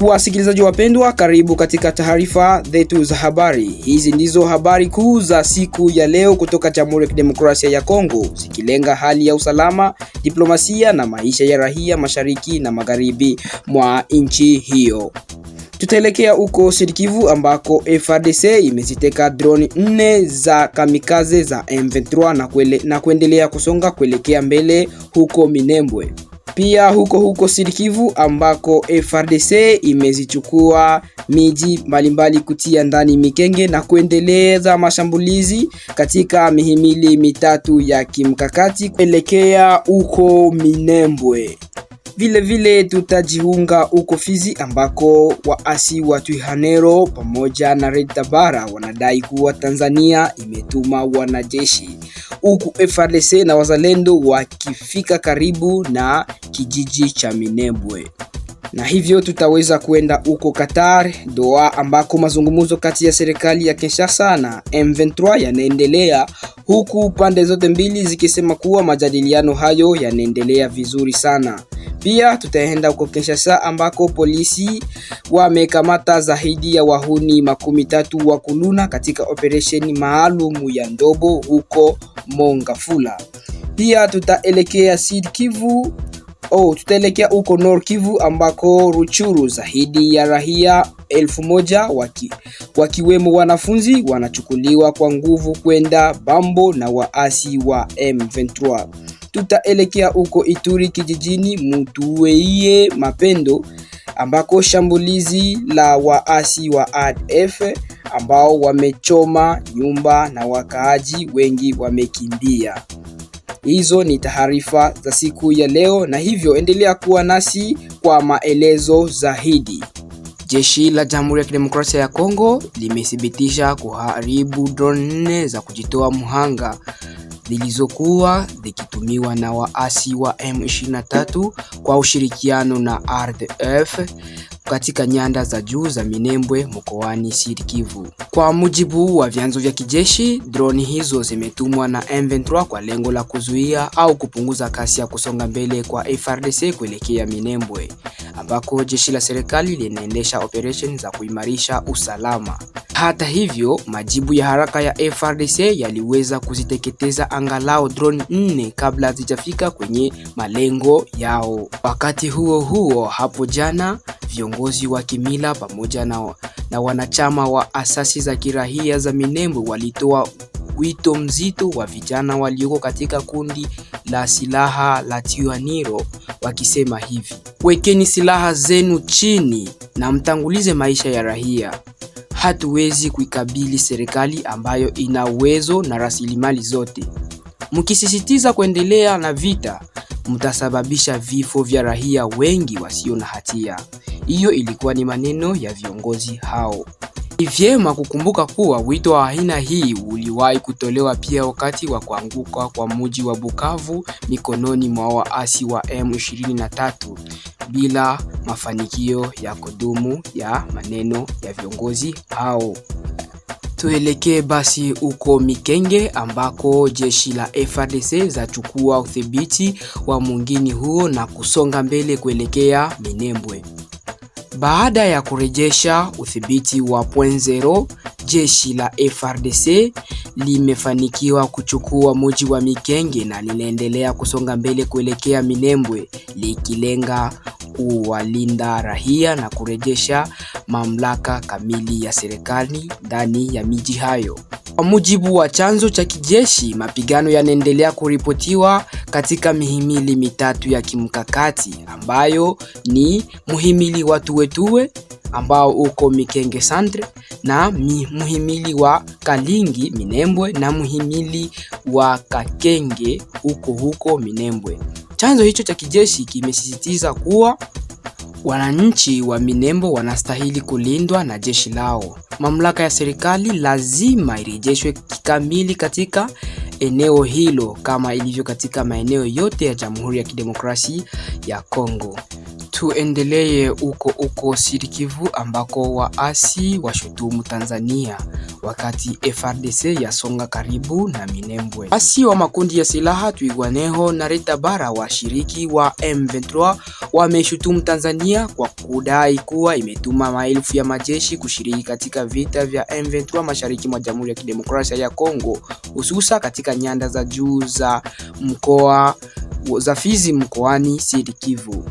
Wasikilizaji wapendwa, karibu katika taarifa zetu za habari. Hizi ndizo habari kuu za siku ya leo kutoka Jamhuri ya Kidemokrasia ya Kongo, zikilenga hali ya usalama, diplomasia na maisha ya raia mashariki na magharibi mwa nchi hiyo. Tutaelekea huko Sud-Kivu ambako FARDC imeziteka droni nne za kamikaze za M23 na, na kuendelea kusonga kuelekea mbele huko Minembwe. Pia huko huko Sirikivu ambako frdc imezichukua miji mbalimbali kutia ndani mikenge na kuendeleza mashambulizi katika mihimili mitatu ya kimkakati kuelekea huko Minembwe. Vile vile tutajiunga huko Fizi ambako waasi wa Twirwaneho pamoja na Red Tabara wanadai kuwa Tanzania imetuma wanajeshi huku FARDC na wazalendo wakifika karibu na kijiji cha Minembwe na hivyo tutaweza kuenda huko Qatar Doha, ambako mazungumzo kati ya serikali ya Kinshasa na M23 yanaendelea, huku pande zote mbili zikisema kuwa majadiliano hayo yanaendelea vizuri sana. Pia tutaenda huko Kinshasa ambako polisi wamekamata zaidi ya wahuni makumi tatu wa kuluna katika operesheni maalum ya Ndobo huko Mongafula. Pia tutaelekea Sud Kivu oh, tutaelekea huko Nord Kivu ambako Ruchuru zaidi ya rahia elfu moja waki, wakiwemo wanafunzi wanachukuliwa kwa nguvu kwenda Bambo na waasi wa M23. Tutaelekea huko Ituri kijijini Mutuweie Mapendo ambako shambulizi la waasi wa ADF ambao wamechoma nyumba na wakaaji wengi wamekimbia. Hizo ni taarifa za siku ya leo, na hivyo endelea kuwa nasi kwa maelezo zaidi. Jeshi la Jamhuri ya Kidemokrasia ya Kongo limethibitisha kuharibu drone nne za kujitoa mhanga zilizokuwa zikitumiwa na waasi wa M23 kwa ushirikiano na RDF katika nyanda za juu za Minembwe mkoani Sud Kivu. Kwa mujibu wa vyanzo vya kijeshi, droni hizo zimetumwa na M23 kwa lengo la kuzuia au kupunguza kasi ya kusonga mbele kwa FRDC kuelekea Minembwe, ambako jeshi la serikali linaendesha operation za kuimarisha usalama. Hata hivyo, majibu ya haraka ya frdc yaliweza kuziteketeza angalau drone nne kabla hazijafika kwenye malengo yao. Wakati huo huo, hapo jana viongozi wa kimila pamoja na, na wanachama wa asasi za kiraia za Minembwe walitoa wito mzito wa vijana walioko katika kundi la silaha la Tiwaniro wakisema hivi: wekeni silaha zenu chini na mtangulize maisha ya raia. Hatuwezi kuikabili serikali ambayo ina uwezo na rasilimali zote, mkisisitiza kuendelea na vita mtasababisha vifo vya raia wengi wasio na hatia. Hiyo ilikuwa ni maneno ya viongozi hao. Ni vyema kukumbuka kuwa wito wa aina hii uliwahi kutolewa pia wakati wa kuanguka kwa mji wa Bukavu mikononi mwa waasi wa M23 bila mafanikio ya kudumu ya maneno ya viongozi hao. Tuelekee basi huko Mikenge ambako jeshi la FARDC zachukua udhibiti wa mwingini huo na kusonga mbele kuelekea Minembwe. Baada ya kurejesha udhibiti wa point zero, jeshi la FARDC limefanikiwa kuchukua mji wa Mikenge na linaendelea kusonga mbele kuelekea Minembwe likilenga kuwalinda raia na kurejesha mamlaka kamili ya serikali ndani ya miji hayo. Kwa mujibu wa chanzo cha kijeshi, mapigano yanaendelea kuripotiwa katika mihimili mitatu ya kimkakati ambayo ni muhimili wa Tuwetuwe ambao uko Mikenge Centre na muhimili wa Kalingi Minembwe na muhimili wa Kakenge huko huko Minembwe. Chanzo hicho cha kijeshi kimesisitiza kuwa wananchi wa Minembwe wanastahili kulindwa na jeshi lao. Mamlaka ya serikali lazima irejeshwe kikamili katika eneo hilo kama ilivyo katika maeneo yote ya Jamhuri ya Kidemokrasia ya Kongo. Tuendelee uko uko Sud Kivu ambako waasi washutumu Tanzania wakati FRDC yasonga karibu na Minembwe. Waasi wa makundi ya silaha Twigwaneho na Retabara washiriki wa M23 wameshutumu Tanzania kwa kudai kuwa imetuma maelfu ya majeshi kushiriki katika vita vya M23 mashariki mwa Jamhuri ya Kidemokrasia ya Kongo, hususa katika nyanda za juu za mkoa za Fizi mkoani Sud Kivu.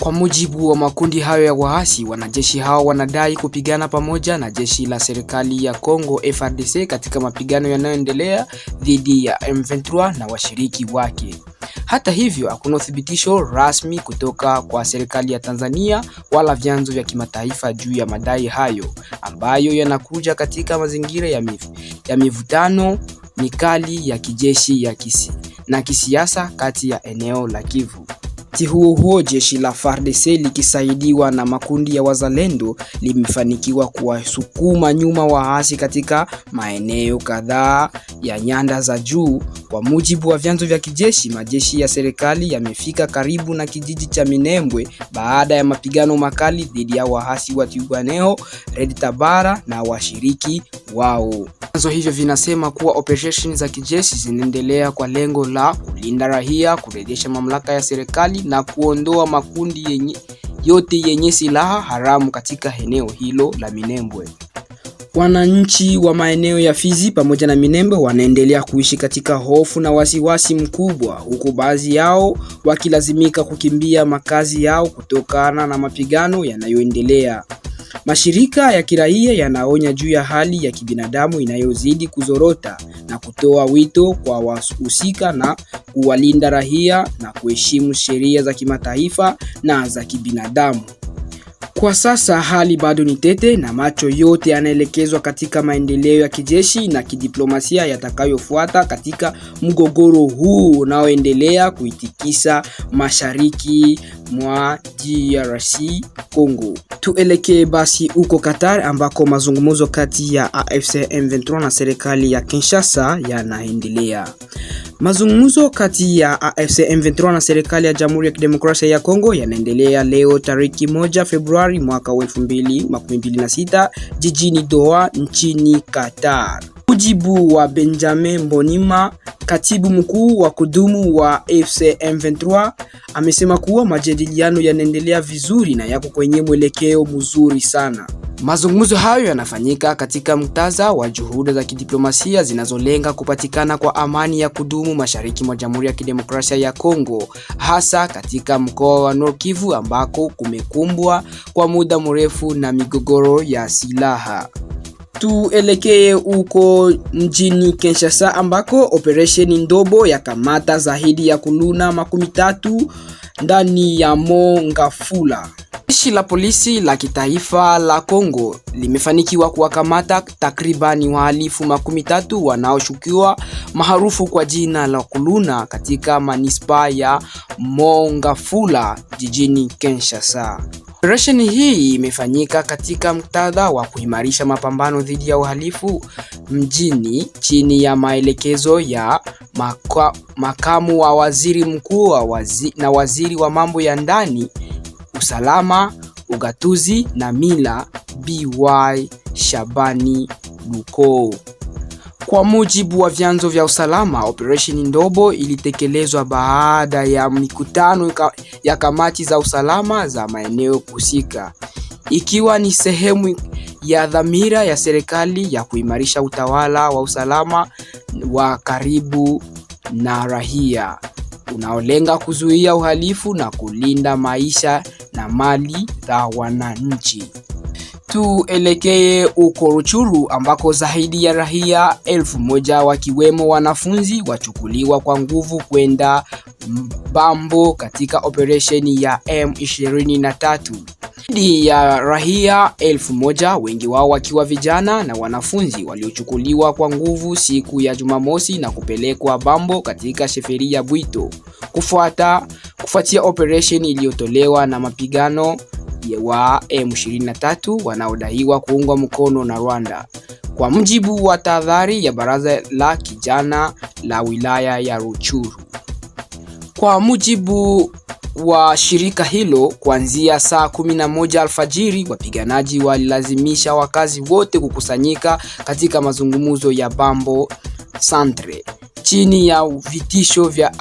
Kwa mujibu wa makundi hayo ya waasi, wanajeshi hao wanadai kupigana pamoja na jeshi la serikali ya Kongo frdc katika mapigano yanayoendelea dhidi ya M23 na washiriki wake. Hata hivyo, hakuna uthibitisho rasmi kutoka kwa serikali ya Tanzania wala vyanzo vya kimataifa juu ya madai hayo ambayo yanakuja katika mazingira ya, miv ya mivutano mikali ya kijeshi ya kisi na kisiasa kati ya eneo la Kivu Wakati huo huo, jeshi la FARDC likisaidiwa na makundi ya wazalendo limefanikiwa kuwasukuma nyuma waasi katika maeneo kadhaa ya nyanda za juu. Kwa mujibu wa vyanzo vya kijeshi, majeshi ya serikali yamefika karibu na kijiji cha Minembwe baada ya mapigano makali dhidi ya waasi wa tiguaneo Red Tabara na washiriki wao. Vyanzo hivyo vinasema kuwa operesheni za kijeshi zinaendelea kwa lengo la kulinda raia, kurejesha mamlaka ya serikali na kuondoa makundi yenye, yote yenye silaha haramu katika eneo hilo la Minembwe. Wananchi wa maeneo ya Fizi pamoja na Minembwe wanaendelea kuishi katika hofu na wasiwasi mkubwa, huku baadhi yao wakilazimika kukimbia makazi yao kutokana na mapigano yanayoendelea. Mashirika ya kiraia yanaonya juu ya hali ya kibinadamu inayozidi kuzorota na kutoa wito kwa wahusika na kuwalinda raia na kuheshimu sheria za kimataifa na za kibinadamu. Kwa sasa hali bado ni tete na macho yote yanaelekezwa katika maendeleo ya kijeshi na kidiplomasia yatakayofuata katika mgogoro huu unaoendelea kuitikisa Mashariki mwa DRC Congo. Tuelekee basi huko Qatar ambako mazungumzo kati ya AFC M23 na serikali ya Kinshasa yanaendelea. Mazungumzo kati ya AFC M23 na serikali ya Jamhuri ya Kidemokrasia ya Kongo yanaendelea leo tariki moja Februari mwaka 2026 jijini Doha nchini Qatar. Mujibu wa Benjamin bonima katibu mkuu wa kudumu wa AFC M23, amesema kuwa majadiliano yanaendelea vizuri na yako kwenye mwelekeo mzuri sana. Mazungumzo hayo yanafanyika katika mtaza wa juhudi za kidiplomasia zinazolenga kupatikana kwa amani ya kudumu mashariki mwa Jamhuri ya Kidemokrasia ya Kongo, hasa katika mkoa wa Nord Kivu ambako kumekumbwa kwa muda mrefu na migogoro ya silaha. Tuelekee huko mjini Kinshasa ambako operesheni ndobo ya kamata zaidi ya kuluna makumi tatu ndani ya Mongafula Jeshi la polisi la kitaifa la Kongo limefanikiwa kuwakamata takribani wahalifu makumi tatu wanaoshukiwa maarufu kwa jina la Kuluna katika manispaa ya Mongafula jijini Kinshasa. Operesheni hii imefanyika katika muktadha wa kuimarisha mapambano dhidi ya uhalifu mjini chini ya maelekezo ya maka, makamu wa waziri mkuu wa wazi, na waziri wa mambo ya ndani usalama, ugatuzi na mila By Shabani luko Kwa mujibu wa vyanzo vya usalama, Operation Ndobo ilitekelezwa baada ya mikutano ya kamati za usalama za maeneo husika, ikiwa ni sehemu ya dhamira ya serikali ya kuimarisha utawala wa usalama wa karibu na raia unaolenga kuzuia uhalifu na kulinda maisha na mali za wananchi. Tuelekee uko Ruchuru ambako zaidi ya raia elfu moja wakiwemo wanafunzi wachukuliwa kwa nguvu kwenda Mbambo katika operesheni ya M23. Zaidi ya raia elfu moja, wengi wao wakiwa vijana na wanafunzi, waliochukuliwa kwa nguvu siku ya Jumamosi na kupelekwa Bambo katika sheferi ya Bwito kufuata, kufuatia operesheni iliyotolewa na mapigano wa M23 wanaodaiwa kuungwa mkono na Rwanda. Kwa mujibu wa tahadhari ya Baraza la Kijana la Wilaya ya Ruchuru. Kwa mujibu wa shirika hilo kuanzia saa 11 alfajiri, wapiganaji walilazimisha wakazi wote kukusanyika katika mazungumzo ya Bambo Santre chini ya vitisho vya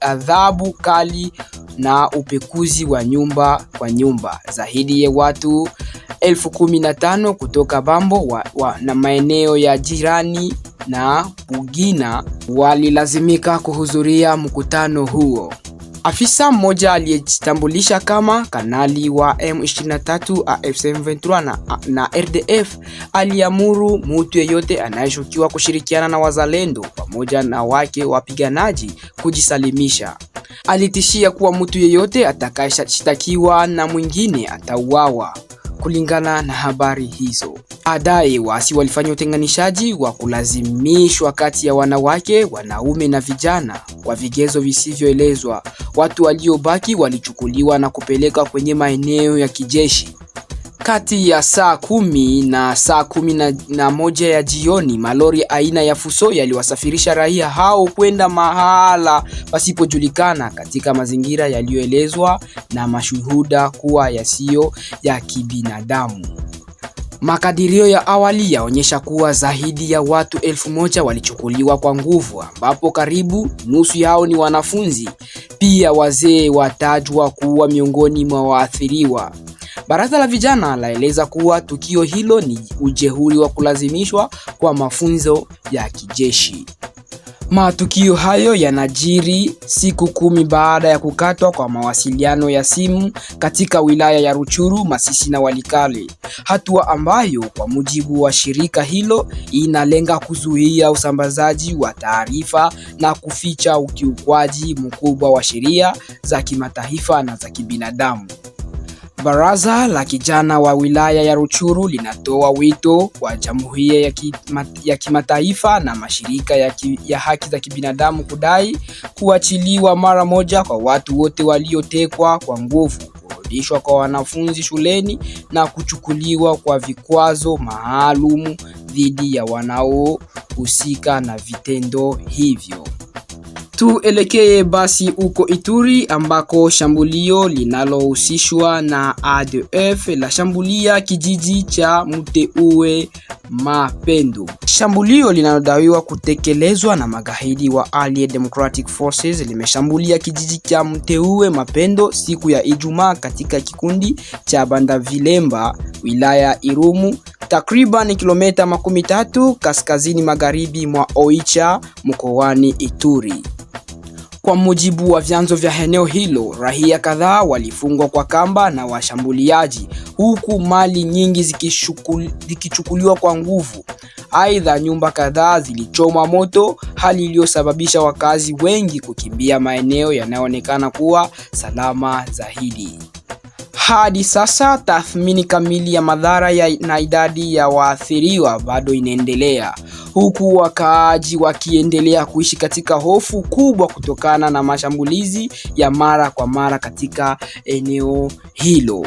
adhabu kali na upekuzi wa nyumba kwa nyumba. Zaidi ya watu elfu kumi na tano kutoka Bambo wa, wa, na maeneo ya jirani na Bugina walilazimika kuhudhuria mkutano huo. Afisa mmoja aliyejitambulisha kama kanali wa M23 AFC/M23 na, na RDF aliamuru mtu yeyote anayeshukiwa kushirikiana na wazalendo pamoja na wake wapiganaji kujisalimisha. Alitishia kuwa mtu yeyote atakayeshtakiwa na mwingine atauawa. Kulingana na habari hizo, baadaye waasi walifanya utenganishaji wa kulazimishwa kati ya wanawake, wanaume na vijana kwa vigezo visivyoelezwa. Watu waliobaki walichukuliwa na kupeleka kwenye maeneo ya kijeshi. Kati ya saa kumi na saa kumi na, na moja ya jioni malori aina ya Fuso yaliwasafirisha raia hao kwenda mahala pasipojulikana katika mazingira yaliyoelezwa na mashuhuda kuwa yasiyo ya kibinadamu. Makadirio ya awali yaonyesha kuwa zaidi ya watu elfu moja walichukuliwa kwa nguvu ambapo karibu nusu yao ni wanafunzi. Pia wazee watajwa kuwa miongoni mwa waathiriwa. Baraza la vijana laeleza kuwa tukio hilo ni ujeuri wa kulazimishwa kwa mafunzo ya kijeshi. Matukio hayo yanajiri siku kumi baada ya kukatwa kwa mawasiliano ya simu katika wilaya ya Ruchuru, Masisi na Walikale, hatua ambayo kwa mujibu wa shirika hilo inalenga kuzuia usambazaji wa taarifa na kuficha ukiukwaji mkubwa wa sheria za kimataifa na za kibinadamu. Baraza la kijana wa Wilaya ya ruchuru linatoa wito kwa jamii ya kimataifa na mashirika ya, ki, ya haki za kibinadamu kudai kuachiliwa mara moja kwa watu wote waliotekwa kwa nguvu, kurudishwa kwa wanafunzi shuleni na kuchukuliwa kwa vikwazo maalum dhidi ya wanaohusika na vitendo hivyo. Tuelekee basi huko Ituri ambako shambulio linalohusishwa na ADF la shambulia kijiji cha Muteuwe Mapendo, shambulio linalodaiwa kutekelezwa na magaidi wa Allied Democratic Forces limeshambulia kijiji cha Muteuwe Mapendo siku ya Ijumaa katika kikundi cha Bandavilemba, wilaya Irumu takriban kilomita makumi tatu kaskazini magharibi mwa Oicha mkoani Ituri. Kwa mujibu wa vyanzo vya eneo hilo, raia kadhaa walifungwa kwa kamba na washambuliaji, huku mali nyingi zikichukuliwa kwa nguvu. Aidha, nyumba kadhaa zilichomwa moto, hali iliyosababisha wakazi wengi kukimbia maeneo yanayoonekana kuwa salama zaidi. Hadi sasa tathmini kamili ya madhara ya na idadi ya waathiriwa bado inaendelea, huku wakaaji wakiendelea kuishi katika hofu kubwa kutokana na mashambulizi ya mara kwa mara katika eneo hilo.